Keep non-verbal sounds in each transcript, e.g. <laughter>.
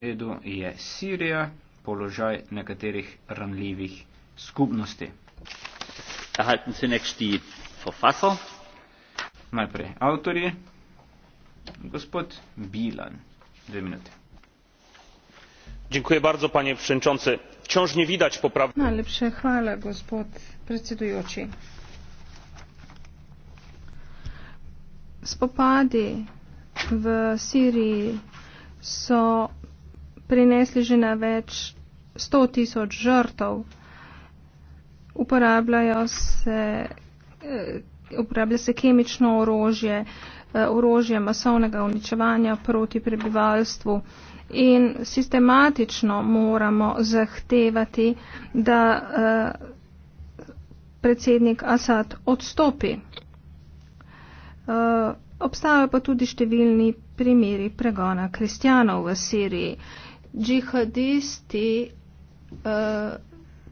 redu je Sirija, položaj nekaterih ranljivih skupnosti. Najprej avtorji, gospod Bilan, dve minute. Dziękuję bardzo, panie przewodniczący. Wciąż nie widać poprawy. Najlepsze chwale, gospod prezydujący. Spopady w Syrii są prinesli že na več 100 tisoč žrtov. Uporabljajo se, eh, uporablja se kemično orožje, eh, orožje masovnega uničevanja proti prebivalstvu. In sistematično moramo zahtevati, da eh, predsednik Asad odstopi. Obstajajo pa tudi številni primeri pregona kristjanov v Siriji džihadisti, uh,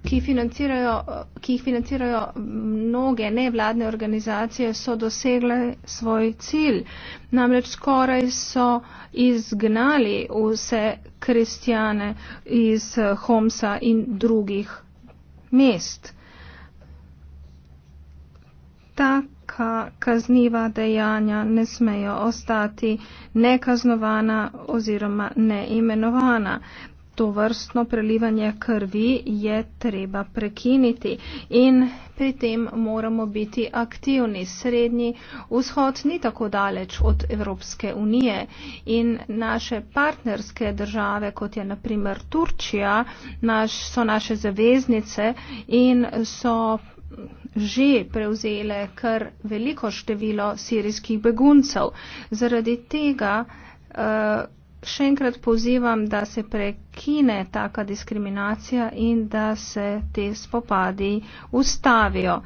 ki, financirajo, ki jih financirajo mnoge nevladne organizacije, so dosegle svoj cilj. Namreč skoraj so izgnali vse kristjane iz Homsa in drugih mest taka kazniva dejanja ne smejo ostati nekaznovana oziroma neimenovana. To vrstno prelivanje krvi je treba prekiniti in pri tem moramo biti aktivni. Srednji vzhod ni tako daleč od Evropske unije in naše partnerske države, kot je naprimer Turčija, naš, so naše zaveznice in so že prevzele kar veliko število sirijskih beguncev. Zaradi tega eh, še enkrat pozivam, da se prekine taka diskriminacija in da se te spopadi ustavijo.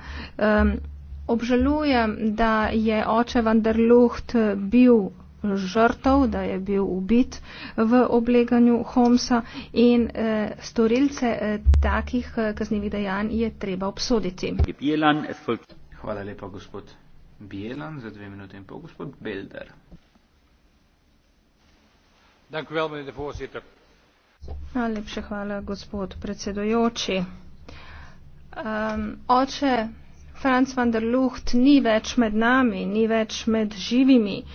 Obžalujem, da je oče Vanderluht bil žrtev, da je bil ubit v obleganju Homsa in eh, storilce eh, takih eh, kaznjivih dejanj je treba obsoditi. Hvala lepa, gospod Bielan, za dve minute in pol, gospod Belder. Najlepša hvala, gospod predsedojoči. Um, ehm, oče, Franz van der Lucht ni več med nami, ni več med živimi. Uh,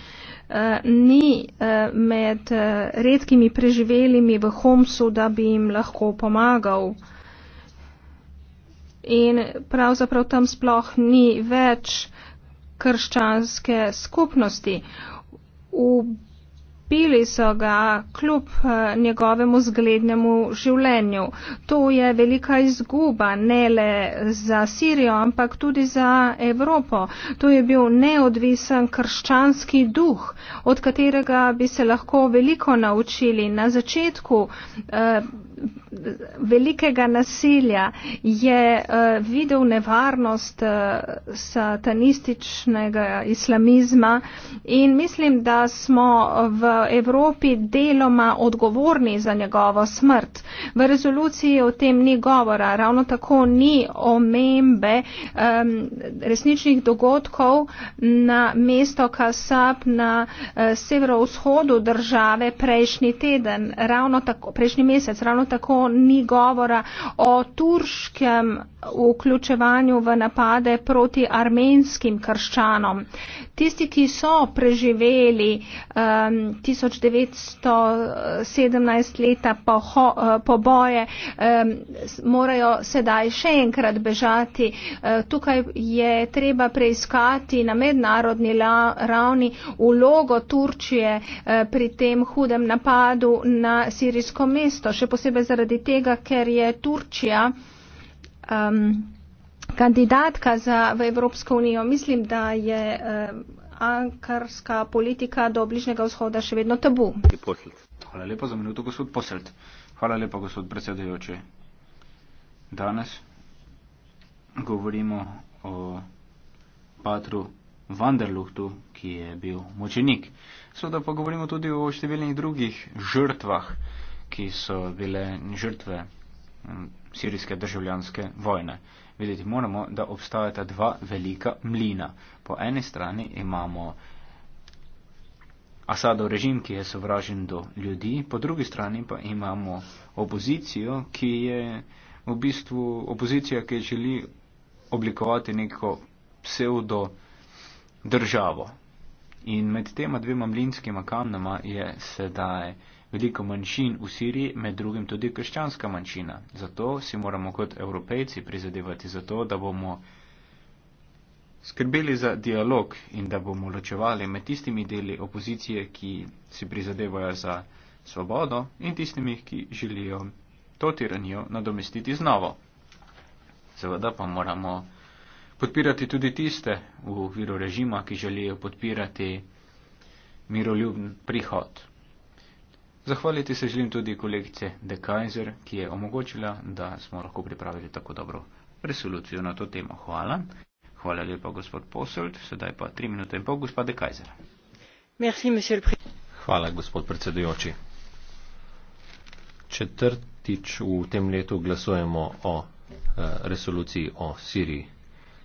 Eh, ni eh, med eh, redkimi preživelimi v Homsu, da bi jim lahko pomagal. In pravzaprav tam sploh ni več krščanske skupnosti. V Pili so ga kljub eh, njegovemu zglednemu življenju. To je velika izguba ne le za Sirijo, ampak tudi za Evropo. To je bil neodvisen krščanski duh, od katerega bi se lahko veliko naučili. Na začetku eh, velikega nasilja je eh, videl nevarnost eh, satanističnega islamizma in mislim, da smo v Evropi deloma odgovorni za njegovo smrt. V rezoluciji o tem ni govora, ravno tako ni omembe um, resničnih dogodkov na mesto Kasab na uh, severovzhodu države prejšnji teden, ravno tako, prejšnji mesec, ravno tako ni govora o turškem vključevanju v napade proti armenskim krščanom. Tisti, ki so preživeli, um, 1917 leta poho, eh, poboje, morajo sedaj še enkrat bežati. Eh, tukaj je treba preiskati na mednarodni ravni ulogo Turčije eh, pri tem hudem napadu na sirijsko mesto, še posebej zaradi tega, ker je Turčija. Um, kandidatka za, v Evropsko unijo. Mislim, da je. Um ankarska politika do bližnjega vzhoda še vedno tabu. Hvala lepa za minuto, gospod Poselt. Hvala lepa, gospod predsedajoče. Danes govorimo o patru Vanderluhtu, ki je bil močenik. Sveda pa govorimo tudi o številnih drugih žrtvah, ki so bile žrtve mm, sirijske državljanske vojne videti moramo, da obstajata dva velika mlina. Po eni strani imamo Asadov režim, ki je sovražen do ljudi, po drugi strani pa imamo opozicijo, ki je v bistvu opozicija, ki želi oblikovati neko pseudo državo. In med tema dvema mlinskima kamnama je sedaj veliko manjšin v Siriji, med drugim tudi krščanska manjšina. Zato si moramo kot evropejci prizadevati za to, da bomo skrbeli za dialog in da bomo ločevali med tistimi deli opozicije, ki si prizadevajo za svobodo in tistimi, ki želijo to tiranijo nadomestiti znovo. Seveda pa moramo podpirati tudi tiste v viru režima, ki želijo podpirati miroljubn prihod. Zahvaliti se želim tudi kolegice De Kaiser, ki je omogočila, da smo lahko pripravili tako dobro resolucijo na to temo. Hvala. Hvala lepa, gospod Posold. Sedaj pa tri minute in pol, gospod De Kaiser. Merci, Hvala, gospod predsedujoči. Četrtič v tem letu glasujemo o eh, resoluciji o Siriji.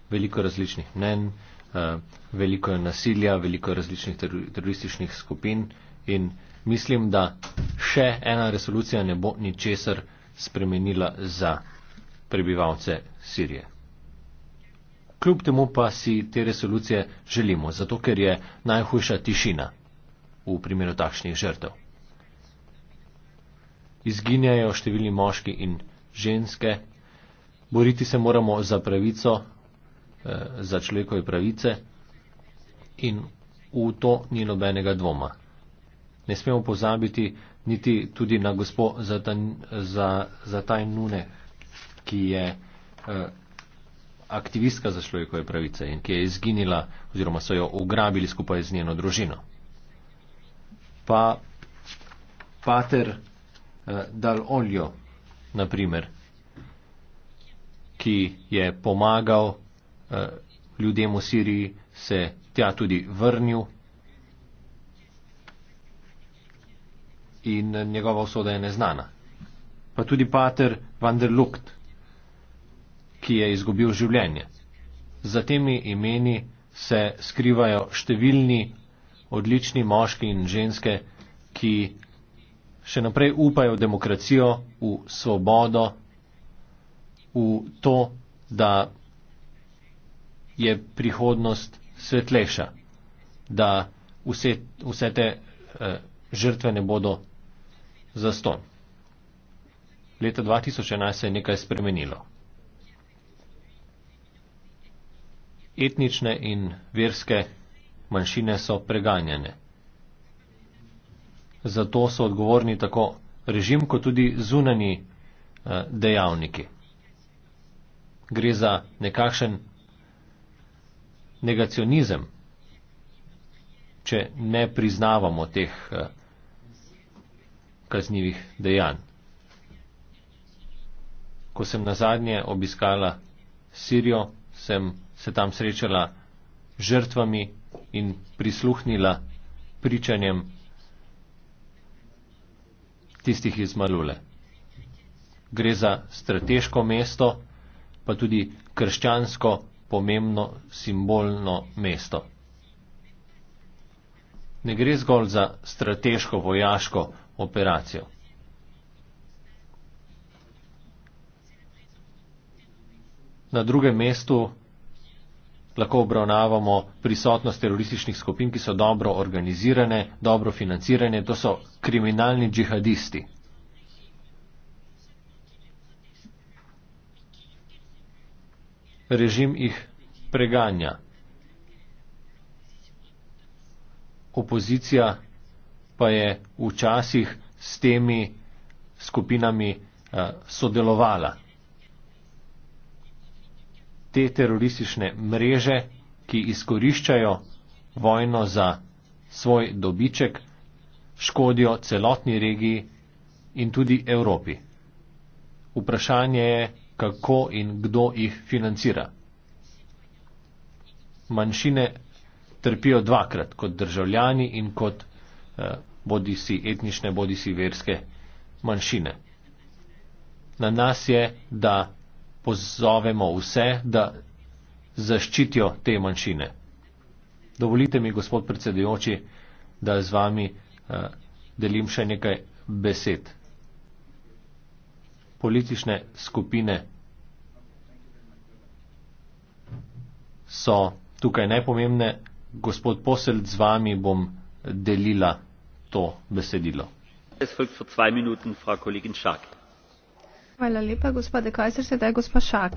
Veliko različnih mnen, eh, veliko je nasilja, veliko je različnih ter terorističnih skupin in mislim, da še ena resolucija ne bo ničesar spremenila za prebivalce Sirije. Kljub temu pa si te resolucije želimo, zato ker je najhujša tišina v primeru takšnih žrtev. Izginjajo številni moški in ženske, boriti se moramo za pravico, eh, za človekove pravice in v to ni nobenega dvoma ne smemo pozabiti niti tudi na gospo za, ta, za, za taj nune, ki je eh, aktivistka za človekove pravice in ki je izginila oziroma so jo ugrabili skupaj z njeno družino. Pa pater eh, Dal Oljo, naprimer, ki je pomagal eh, ljudem v Siriji, se tja tudi vrnil. in njegova usoda je neznana. Pa tudi pater van der Lukt, ki je izgubil življenje. Za temi imeni se skrivajo številni odlični moški in ženske, ki še naprej upajo v demokracijo, v svobodo, v to, da je prihodnost svetlejša, da vse, vse te eh, žrtve ne bodo za ston. Leta 2011 se je nekaj spremenilo. Etnične in verske manjšine so preganjene. Zato so odgovorni tako režim, kot tudi zunani eh, dejavniki. Gre za nekakšen negacionizem, če ne priznavamo teh eh, kaznjivih dejanj. Ko sem na zadnje obiskala Sirijo, sem se tam srečala žrtvami in prisluhnila pričanjem tistih iz Malule. Gre za strateško mesto, pa tudi krščansko pomembno simbolno mesto. Ne gre zgolj za strateško, vojaško, operacijo. Na drugem mestu lahko obravnavamo prisotnost terorističnih skupin, ki so dobro organizirane, dobro financirane, to so kriminalni džihadisti. Režim jih preganja. Opozicija pa je včasih s temi skupinami eh, sodelovala. Te teroristične mreže, ki izkoriščajo vojno za svoj dobiček, škodijo celotni regiji in tudi Evropi. Vprašanje je, kako in kdo jih financira. Manjšine trpijo dvakrat, kot državljani in kot eh, bodi si etnične, bodi si verske manjšine. Na nas je, da pozovemo vse, da zaščitijo te manjšine. Dovolite mi, gospod predsedujoči, da z vami uh, delim še nekaj besed. Politične skupine so tukaj najpomembne. Gospod posel, z vami bom delila to besedilo. Hvala lepa, gospod Dekajzer, sedaj gospa Šak.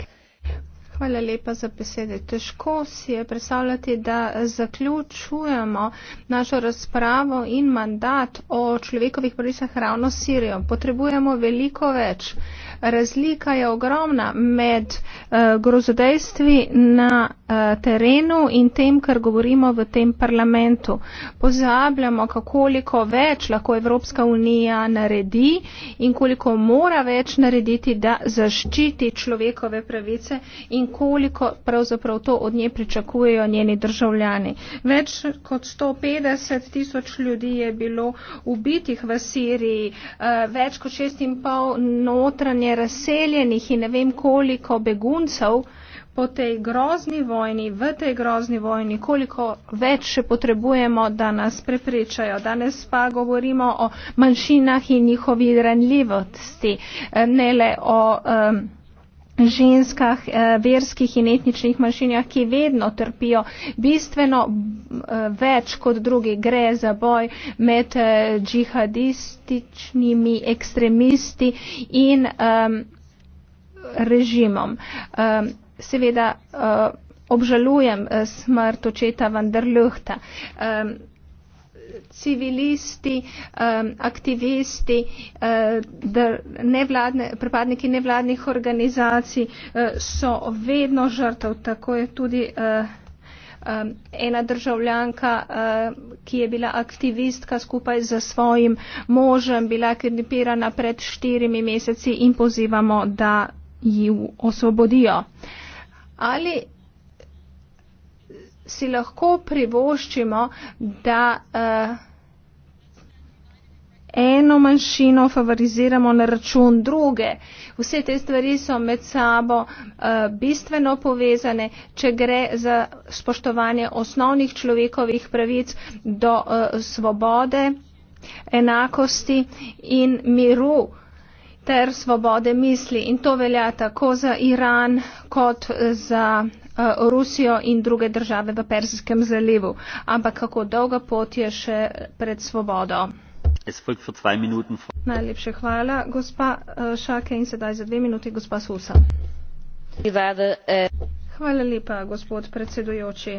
Hvala lepa za besede. Težko si je predstavljati, da zaključujemo našo razpravo in mandat o človekovih pravicah ravno s Sirijo. Potrebujemo veliko več. Razlika je ogromna med uh, grozodejstvi na. Eh, terenu in tem, kar govorimo v tem parlamentu. Pozabljamo, koliko več lahko Evropska unija naredi in koliko mora več narediti, da zaščiti človekove pravice in koliko pravzaprav to od nje pričakujejo njeni državljani. Več kot 150 tisoč ljudi je bilo ubitih v Siriji, eh, več kot 6,5 notranje razseljenih in ne vem koliko beguncev po tej grozni vojni, v tej grozni vojni, koliko več še potrebujemo, da nas preprečajo. Danes pa govorimo o manjšinah in njihovi ranljivosti, eh, ne le o ženskah, eh, verskih in etničnih manjšinjah, ki vedno trpijo bistveno eh, več kot drugi. Gre za boj med džihadističnimi ekstremisti in um, režimom. Um, seveda uh, obžalujem uh, smrt očeta Vanderluhta. Um, civilisti, um, aktivisti, uh, nevladne, pripadniki nevladnih organizacij uh, so vedno žrtev, tako je tudi. Uh, ena državljanka, ki je bila aktivistka skupaj z svojim možem, bila kidnapirana pred štirimi meseci in pozivamo, da ji osvobodijo ali si lahko privoščimo, da uh, eno manjšino favoriziramo na račun druge. Vse te stvari so med sabo uh, bistveno povezane, če gre za spoštovanje osnovnih človekovih pravic do uh, svobode, enakosti in miru. Uh, ter svobode misli. In to velja tako za Iran kot za eh, Rusijo in druge države v Persijskem zalivu. Ampak kako dolga pot je še pred svobodo. Najlepše hvala, gospa eh, Šake, in sedaj za dve minuti, gospa Susa. Hvala lepa, gospod predsedujoči.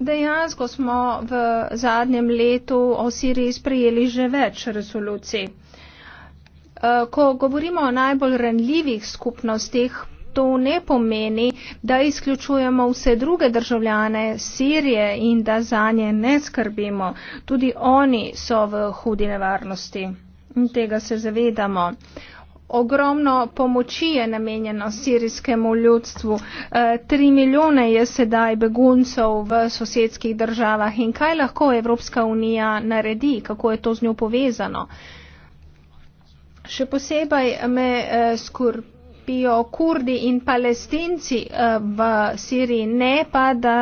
Dejansko smo v zadnjem letu o Siriji sprejeli že več resolucij. Eh, ko govorimo o najbolj ranljivih skupnostih, to ne pomeni, da izključujemo vse druge državljane Sirije in da za nje ne skrbimo. Tudi oni so v hudi nevarnosti in tega se zavedamo. Ogromno pomoči je namenjeno sirijskemu ljudstvu. Eh, tri milijone je sedaj beguncev v sosedskih državah in kaj lahko Evropska unija naredi, kako je to z njo povezano? Še posebej me eh, skrbijo kurdi in palestinci eh, v Siriji, ne pa, da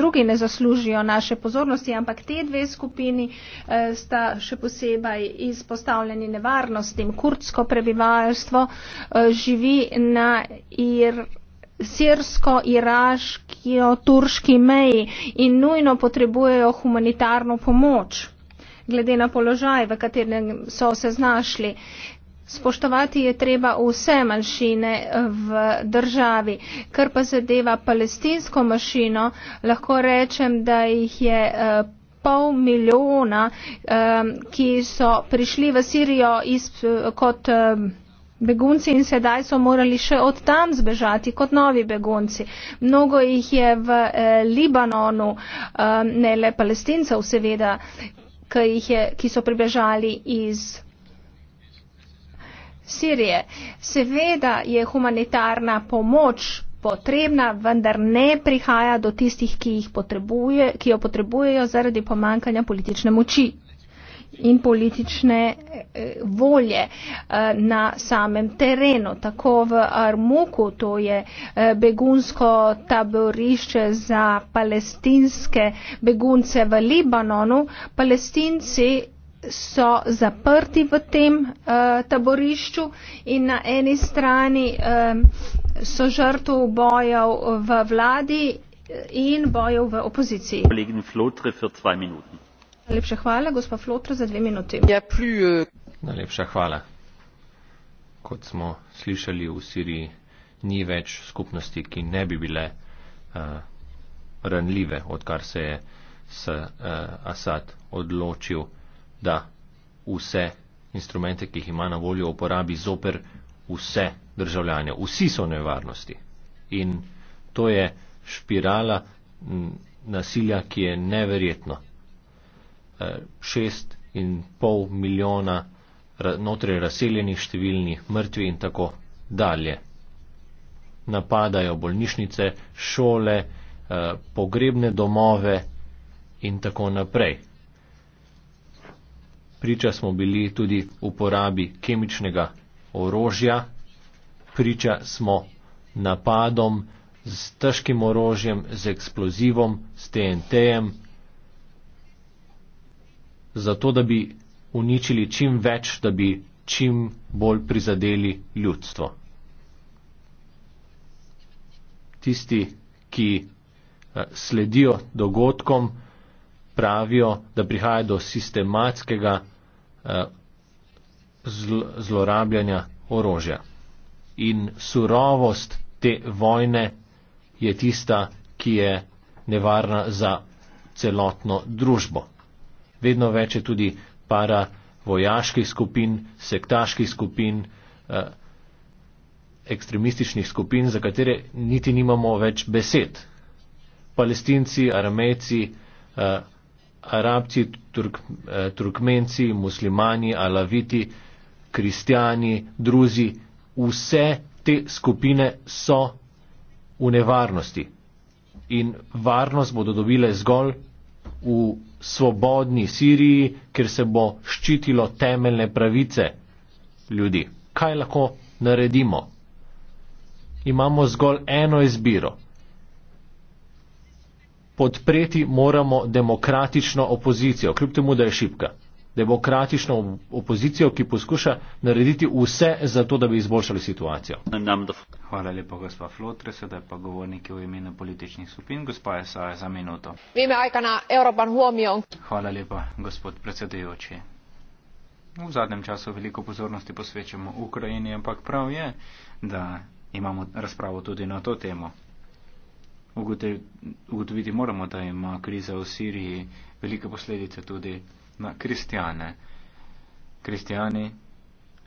drugi ne zaslužijo naše pozornosti, ampak te dve skupini eh, sta še posebej izpostavljeni nevarnostim. Kurdsko prebivalstvo živi na ir sirsko-iraški-turški meji in nujno potrebujejo humanitarno pomoč glede na položaj, v katerem so se znašli. Spoštovati je treba vse manjšine v državi. Kar pa zadeva palestinsko manjšino, lahko rečem, da jih je eh, pol milijona, eh, ki so prišli v Sirijo iz, eh, kot begunci in sedaj so morali še od tam zbežati kot novi begunci. Mnogo jih je v Libanonu, ne le palestincev seveda, ki, je, ki so pribežali iz Sirije. Seveda je humanitarna pomoč potrebna, vendar ne prihaja do tistih, ki, potrebuje, ki jo potrebujejo zaradi pomankanja politične moči in politične eh, volje eh, na samem terenu. Tako v Armuku, to je eh, begunsko taborišče za palestinske begunce v Libanonu, palestinci so zaprti v tem uh, taborišču in na eni strani um, so žrtv bojev v vladi in bojev v opoziciji. Najlepša hvala, gospa Flotr, za dve minuti. Ja, plus, uh... Eh, Najlepša hvala. Kot smo slišali v Siriji, ni več skupnosti, ki ne bi bile uh, ranljive, odkar se je s uh, eh, Asad odločil, da vse instrumente, ki jih ima na voljo, uporabi zoper vse državljanje. Vsi so nevarnosti. In to je špirala mm, nasilja, ki je neverjetno šest in pol milijona notri razseljenih, številni mrtvi in tako dalje. Napadajo bolnišnice, šole, eh, pogrebne domove in tako naprej. Priča smo bili tudi uporabi kemičnega orožja, priča smo napadom z težkim orožjem, z eksplozivom, s TNT-jem zato da bi uničili čim več, da bi čim bolj prizadeli ljudstvo. Tisti, ki eh, sledijo dogodkom, pravijo, da prihaja do sistematskega eh, zlorabljanja orožja. In surovost te vojne je tista, ki je nevarna za celotno družbo vedno več je tudi para vojaških skupin, sektaških skupin, eh, ekstremističnih skupin, za katere niti nimamo več besed. Palestinci, aramejci, eh, arabci, turk, eh, turkmenci, muslimani, alaviti, kristijani, druzi, vse te skupine so v nevarnosti. In varnost bodo dobile zgolj v svobodni Siriji, kjer se bo ščitilo temeljne pravice ljudi. Kaj lahko naredimo? Imamo zgolj eno izbiro. Podpreti moramo demokratično opozicijo, kljub temu, da je šipka demokratično opozicijo, ki poskuša narediti vse za to, da bi izboljšali situacijo. Hvala lepa, gospa Flotre, sedaj pa govorniki v imenu političnih skupin. Gospa Esaja, za minuto. Hvala lepa, gospod predsedujoči. V zadnjem času veliko pozornosti posvečamo Ukrajini, ampak prav je, da imamo razpravo tudi na to temo. Ugotoviti moramo, da ima kriza v Siriji velike posledice tudi na kristijane. Kristijani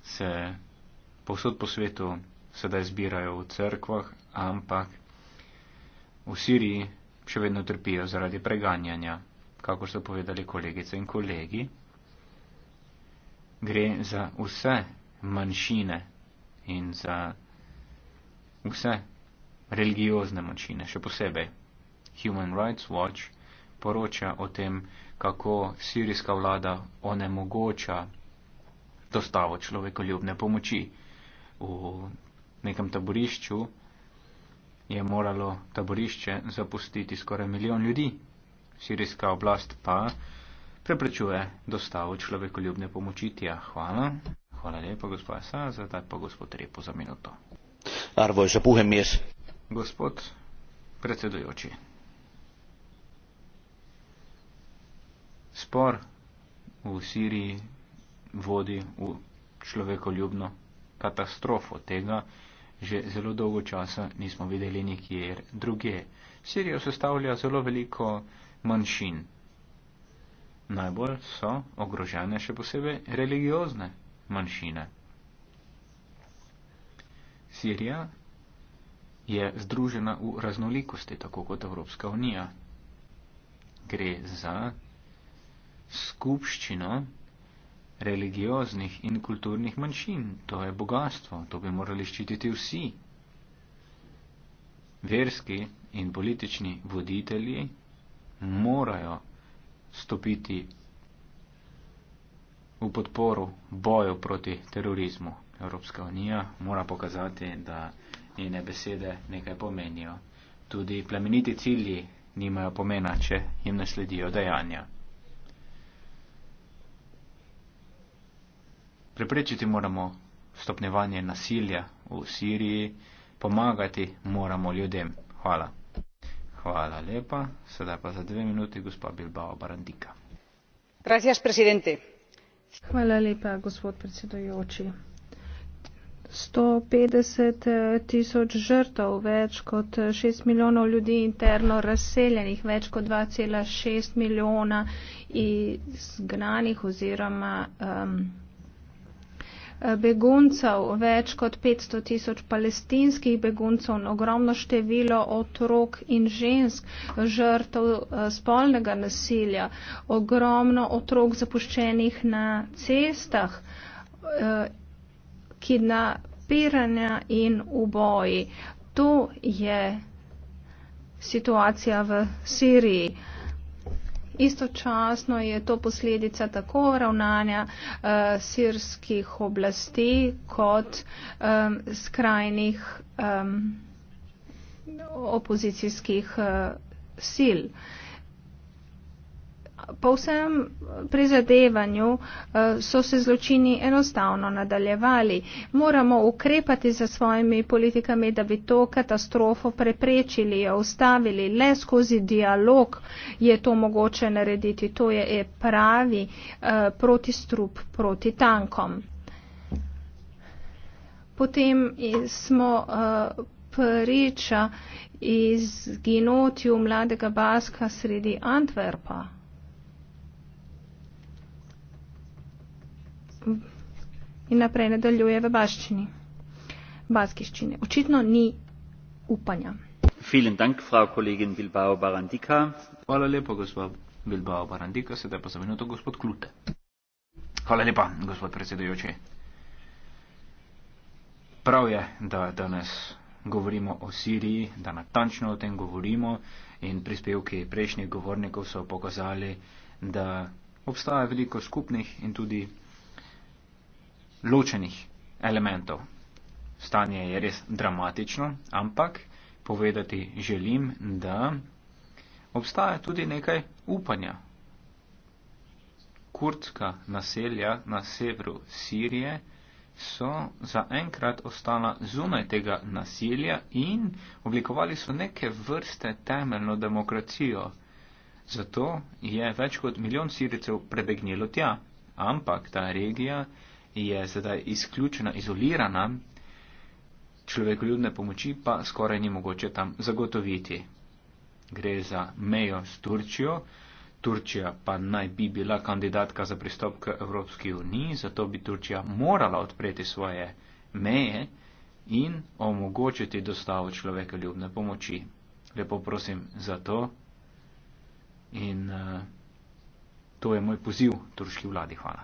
se povsod po svetu sedaj zbirajo v cerkvah, ampak v Siriji še vedno trpijo zaradi preganjanja, kako so povedali kolegice in kolegi. Gre za vse manjšine in za vse religiozne manjšine, še posebej. Human Rights Watch poroča o tem, kako sirijska vlada onemogoča dostavo človekoljubne pomoči. V nekem taborišču je moralo taborišče zapustiti skoraj milijon ljudi, sirijska oblast pa preprečuje dostavo človekoljubne pomoči. Tja, hvala. Hvala lepa, gospod Sa, zdaj pa gospod Repo za minuto. Arvoisa puhemies. Gospod predsedujoči. spor v Siriji vodi v človekoljubno katastrofo. Tega že zelo dolgo časa nismo videli nikjer druge. Sirijo sestavlja zelo veliko manjšin. Najbolj so ogrožene še posebej religiozne manjšine. Sirija je združena v raznolikosti, tako kot Evropska unija. Gre za skupščino religioznih in kulturnih manjšin. To je bogatstvo, to bi morali ščititi vsi. Verski in politični voditelji morajo stopiti v podporo boju proti terorizmu. Evropska unija mora pokazati, da njene besede nekaj pomenijo. Tudi plemeniti cilji nimajo pomena, če jim ne sledijo dejanja. Preprečiti moramo stopnevanje nasilja v Siriji, pomagati moramo ljudem. Hvala. Hvala lepa. Sedaj pa za dve minuti gospa Bilbao Barandika. Gracias, presidente. Hvala lepa, gospod predsedujoči. 150 eh, tisoč žrtov, več kot 6 eh, milijonov ljudi interno razseljenih, več kot 2,6 milijona izgnanih oziroma. Um, beguncev, več kot 500 tisoč palestinskih beguncev, ogromno število otrok in žensk, žrtev eh, spolnega nasilja, ogromno otrok zapuščenih na cestah, eh, kidnapiranja in uboji. To je situacija v Siriji. Istočasno je to posledica tako ravnanja uh, sirskih oblasti kot um, skrajnih um, opozicijskih uh, sil. Uh, po vsem eh, prizadevanju eh, so se zločini enostavno nadaljevali. Moramo ukrepati za svojimi politikami, da bi to katastrofo preprečili, jo ustavili. Le skozi dialog je to mogoče narediti. To je pravi eh, protistrup proti tankom. Potem smo priča izginotju mladega Baska sredi Antwerpa. in naprej nadaljuje v baščini, baskiščini. Očitno ni upanja. Dank, Hvala lepa, gospod Bilbao Barandika. Sedaj pa za minuto gospod Klute. Hvala lepa, gospod predsedujoči. Prav je, da danes govorimo o Siriji, da natančno o tem govorimo in prispevki prejšnjih govornikov so pokazali, da obstaja veliko skupnih in tudi ločenih elementov. Stanje je res dramatično, ampak povedati želim, da obstaja tudi nekaj upanja. Kurdska naselja na severu Sirije so zaenkrat ostala zunaj tega nasilja in oblikovali so neke vrste temeljno demokracijo. Zato je več kot milijon Sircev prebegnilo tja, ampak ta regija je sedaj izključena, izolirana, človekoljubne pomoči pa skoraj ni mogoče tam zagotoviti. Gre za mejo s Turčijo. Turčija pa naj bi bila kandidatka za pristop k Evropski uniji, zato bi Turčija morala odpreti svoje meje in omogočiti dostavo človekoljubne pomoči. Lepo prosim za to in uh, to je moj poziv turški vladi. Hvala.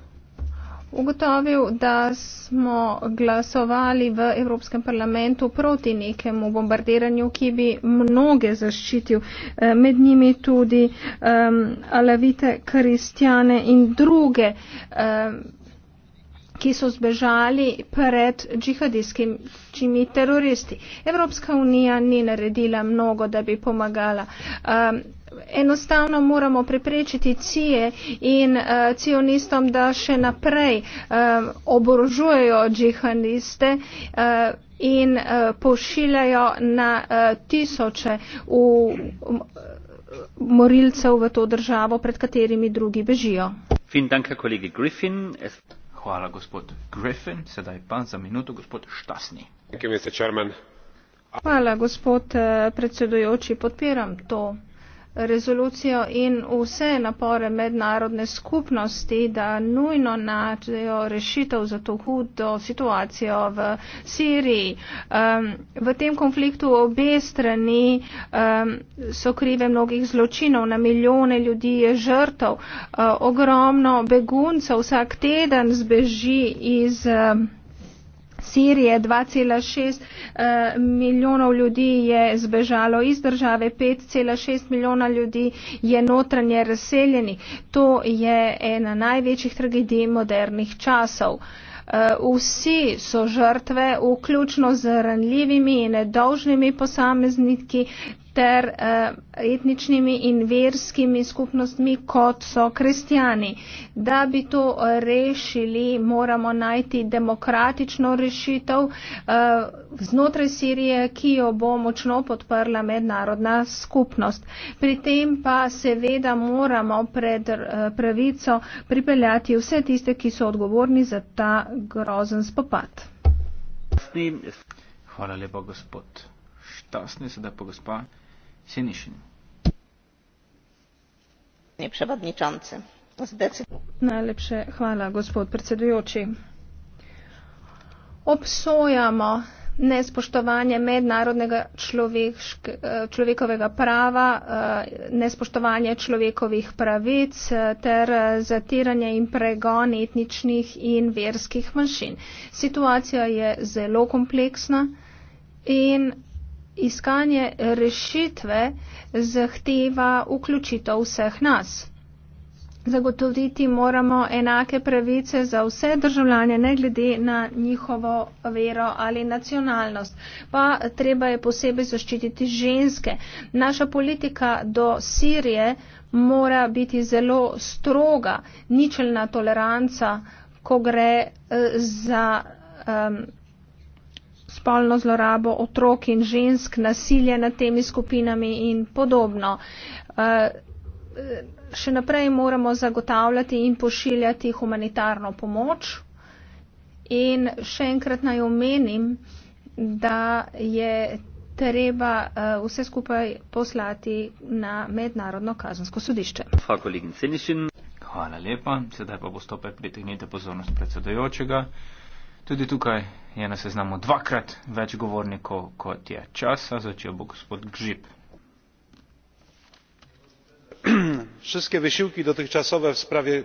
ugotovil, da smo glasovali v Evropskem parlamentu proti nekemu bombardiranju, ki bi mnoge zaščitil, eh, med njimi tudi um, alavite kristjane in druge, um, ki so zbežali pred džihadistskimi teroristi. Evropska unija ni naredila mnogo, da bi pomagala. Um, enostavno moramo preprečiti cije in uh, cionistom, da še naprej uh, oborožujejo džihadiste uh, in uh, pošiljajo na uh, tisoče v, um, morilcev v to državo, pred katerimi drugi bežijo. Hvala, gospod Griffin. Sedaj pa za minuto, gospod Štasni. Hvala, gospod predsedujoči. Podpiram to rezolucijo in vse napore mednarodne skupnosti, da nujno najdejo rešitev za to hudo situacijo v Siriji. Um, v tem konfliktu obe strani um, so krive mnogih zločinov, na milijone ljudi je žrtev, uh, ogromno beguncev vsak teden zbeži iz. Um, Sirije 2,6 eh, milijonov ljudi je zbežalo iz države, 5,6 milijona ljudi je notranje razseljeni. To je ena največjih tragedij modernih časov. Eh, vsi so žrtve, vključno z ranljivimi in nedolžnimi posamezniki, ter uh, etničnimi in verskimi skupnostmi, kot so kristijani. Da bi to rešili, moramo najti demokratično rešitev uh, znotraj Sirije, ki jo bo močno podprla mednarodna skupnost. Pri tem pa seveda moramo pred uh, pravico pripeljati vse tiste, ki so odgovorni za ta grozen spopad. Hvala lepa, gospod. Štasni, sedaj pa gospa obsojamo nespoštovanje mednarodnega človekovega prava eh, nespoštovanje človekovih pravic eh, ter eh, zatiranje in pregon etničnih in verskih manjšin situacija je zelo kompleksna in iskanje rešitve zahteva vključitev vseh nas. Zagotoviti moramo enake pravice za vse državljane, ne glede na njihovo vero ali nacionalnost. Pa treba je posebej zaščititi ženske. Naša politika do Sirije mora biti zelo stroga, ničelna toleranca, ko gre eh, za. Um, spolno zlorabo otrok in žensk, nasilje nad temi skupinami in podobno. Eh, še naprej moramo zagotavljati in pošiljati humanitarno pomoč. In še enkrat naj omenim, da je treba eh, vse skupaj poslati na mednarodno kazansko sodišče. Hvala lepa. Sedaj pa postopek pritegnite pozornost predsedojočega. Tudi tukaj je na seznamu dvakrat več govornikov, kot je časa, začel bo gospod Gžip. Vse <clears throat> vešilke do teh časov v spravi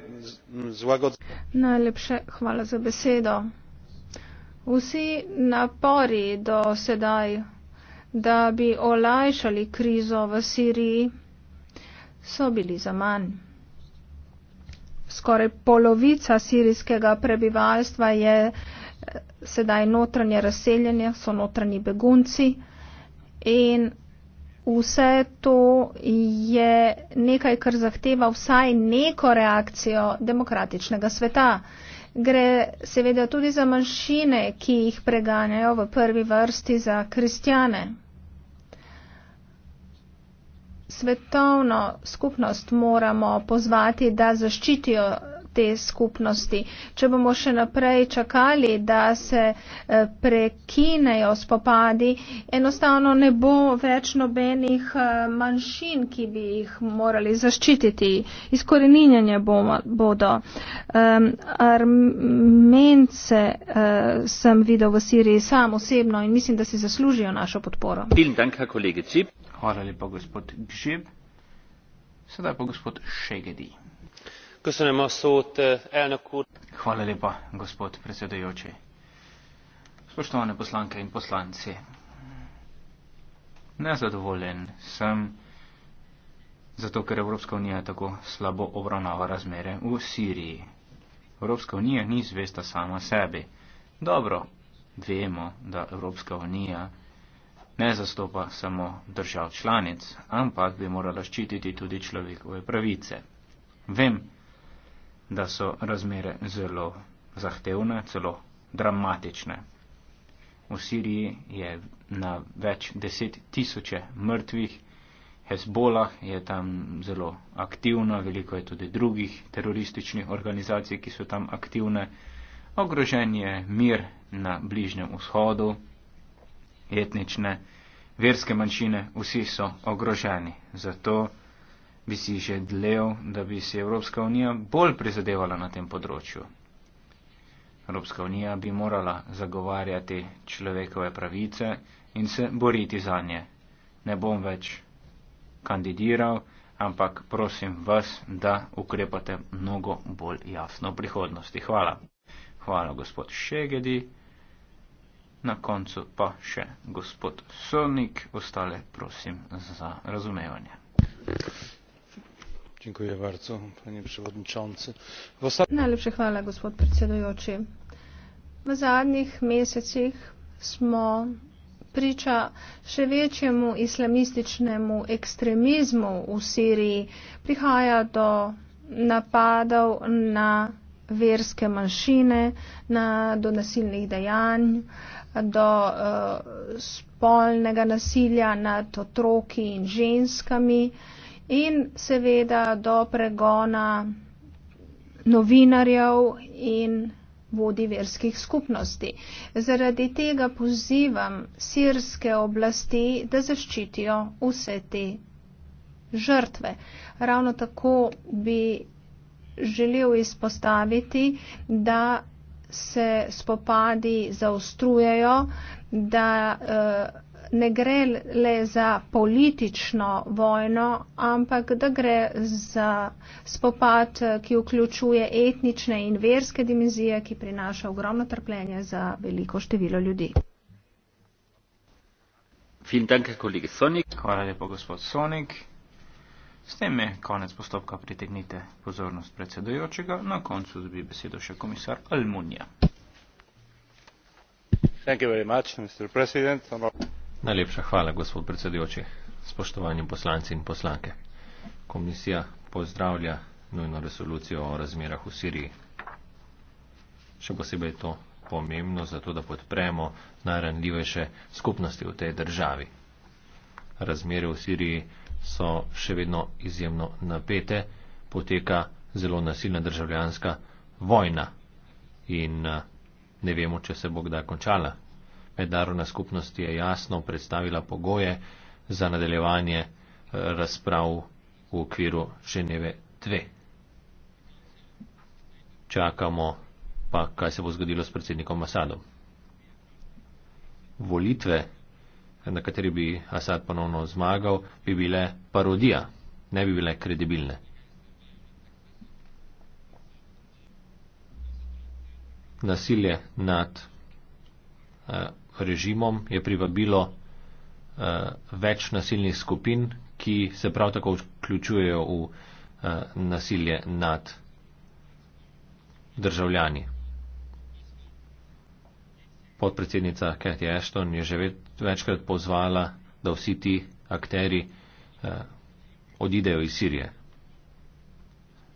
zlagodne. Najlepše hvala za besedo. Vsi napori do sedaj, da bi olajšali krizo v Siriji, so bili za manj. Skoraj polovica sirijskega prebivalstva je eh, sedaj notranje razseljenje, so notranji begunci in vse to je nekaj, kar zahteva vsaj neko reakcijo demokratičnega sveta. Gre seveda tudi za manjšine, ki jih preganjajo v prvi vrsti za kristjane. Svetovno skupnost moramo pozvati, da zaščitijo te skupnosti. Če bomo še naprej čakali, da se eh, prekinejo spopadi, enostavno ne bo več nobenih eh, manjšin, ki bi jih morali zaščititi. Izkoreninjanje bodo. Armence eh, sem videl v Siriji sam osebno in mislim, da si zaslužijo našo podporo. Hvala lepa, gospod Gžib. Sedaj pa gospod Šegedi spoštovane poslanke in poslanci nezadovoljen sem zato ker evropska unija tako slabo obravnava razmere v siriji evropska unija ni zvesta sama sebi dobro vemo da evropska unija ne zastopa samo držav članic ampak bi morala ščititi tudi človekove pravice vem da so razmere zelo zahtevne, celo dramatične. V Siriji je na več deset tisoče mrtvih, Hezbolah je tam zelo aktivna, veliko je tudi drugih terorističnih organizacij, ki so tam aktivne. Ogrožen je mir na Bližnjem vzhodu, etnične, verske manjšine, vsi so ogroženi. Zato bi si že dlel, da bi si Evropska unija bolj prizadevala na tem področju. Evropska unija bi morala zagovarjati človekove pravice in se boriti za nje. Ne bom več kandidiral, ampak prosim vas, da ukrepate mnogo bolj jasno v prihodnosti. Hvala. Hvala, gospod Šegedi. Na koncu pa še gospod Sonik, ostale prosim za razumevanje. Thank you. Najlepša hvala, gospod predsedujoči. V zadnjih mesecih smo priča še večjemu islamističnemu ekstremizmu v Siriji. Prihaja do napadov na verske manjšine, na, do nasilnih dejanj, do uh, spolnega nasilja nad otroki in ženskami. Uh, in seveda do pregona novinarjev in vodi verskih skupnosti. Zaradi tega pozivam sirske oblasti, da zaščitijo vse te žrtve. Ravno tako bi želel izpostaviti, da se spopadi zaostrujejo, da eh, ne gre le za politično vojno, ampak da gre za spopad, ki vključuje etnične in verske dimenzije, ki prinaša ogromno trpljenja za veliko število ljudi. Hvala lepo, gospod Sonik. S tem je konec postopka pritegnite pozornost predsedojočega. Na koncu dobi besedo še komisar Almunija. Thank you very much, Mr. President. Najlepša hvala, gospod predsedujoči. Spoštovani poslanci in poslanke. Komisija pozdravlja nujno resolucijo o razmerah v Siriji. Še posebej je to pomembno, zato da podpremo najranljivejše skupnosti v tej državi. Razmere v Siriji so še vedno izjemno napete, poteka zelo nasilna državljanska vojna in eh, ne vemo, če se bo kdaj končala, mednarodna skupnost je jasno predstavila pogoje za nadaljevanje eh, razprav v okviru Ženeve 2. Čakamo pa, kaj se bo zgodilo s predsednikom Asadom. Volitve, na kateri bi Asad ponovno zmagal, bi bile parodija, ne bi bile kredibilne. Nasilje nad eh, režimom je privabilo uh, več nasilnih skupin, ki se prav tako vključujejo v uh, nasilje nad državljani. Podpredsednica Kathy Ashton je že večkrat pozvala, da vsi ti akteri uh, odidejo iz Sirije.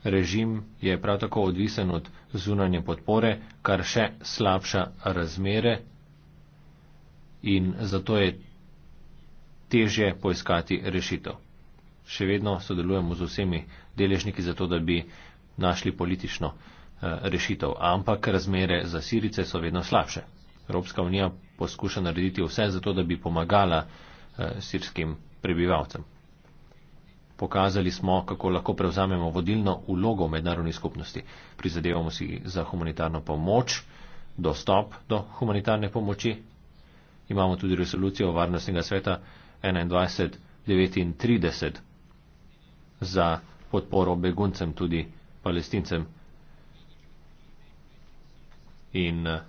Režim je prav tako odvisen od zunanje podpore, kar še slabša razmere in zato je teže poiskati rešitev. Še vedno sodelujemo z vsemi deležniki zato, da bi našli politično eh, rešitev, ampak razmere za Sirice so vedno slabše. Evropska unija poskuša narediti vse zato, da bi pomagala eh, sirskim prebivalcem. Pokazali smo, kako lahko prevzamemo vodilno ulogo v mednarodni skupnosti. Prizadevamo si za humanitarno pomoč, dostop do humanitarne pomoči, imamo tudi resolucijo Varnostnega sveta 2139 za podporo beguncem, tudi palestincem. In eh,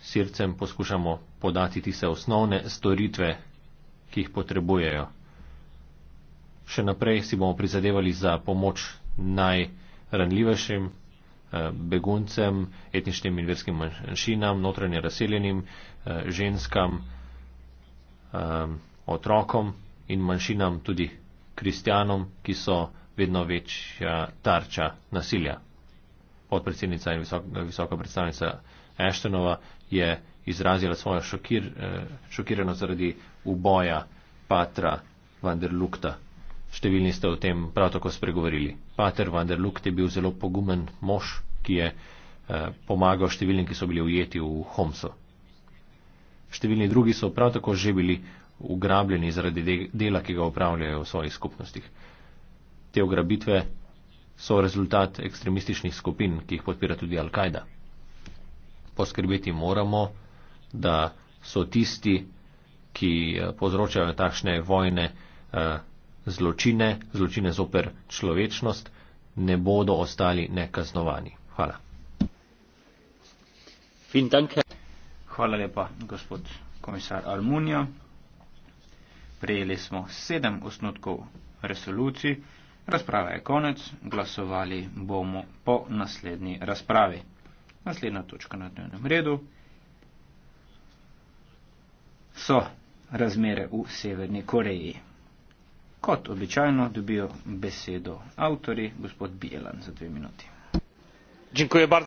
sircem poskušamo podati tiste osnovne storitve, ki jih potrebujejo. Še naprej si bomo prizadevali za pomoč najranljivejšim Eh, beguncem, etničnim in verskim manjšinam, notranje razseljenim, eh, ženskam, eh, otrokom in manjšinam, tudi kristjanom, ki so vedno večja tarča nasilja. Podpredsednica in visoka predstavnica Ashtonova je izrazila svojo šokir, šokiranost zaradi uboja patra Vanderlukta številni ste o tem prav tako spregovorili. Pater van der Lukt je bil zelo pogumen mož, ki je eh, pomagal številnim, ki so bili ujeti v Homsu. Številni drugi so prav tako že bili ugrabljeni zaradi dela, ki ga upravljajo v svojih skupnostih. Te ugrabitve so rezultat ekstremističnih skupin, ki jih podpira tudi Al-Kaida. Poskrbeti moramo, da so tisti, ki eh, povzročajo takšne vojne, eh, zločine, zločine zoper človečnost, ne bodo ostali nekaznovani. Hvala. Hvala lepa, gospod komisar Armunija. Prejeli smo sedem osnutkov resolucij. Razprava je konec. Glasovali bomo po naslednji razpravi. Naslednja točka na dnevnem redu so razmere v Severni Koreji. Kot običajno dobijo besedo avtori, gospod Bijelan, za dve minuti.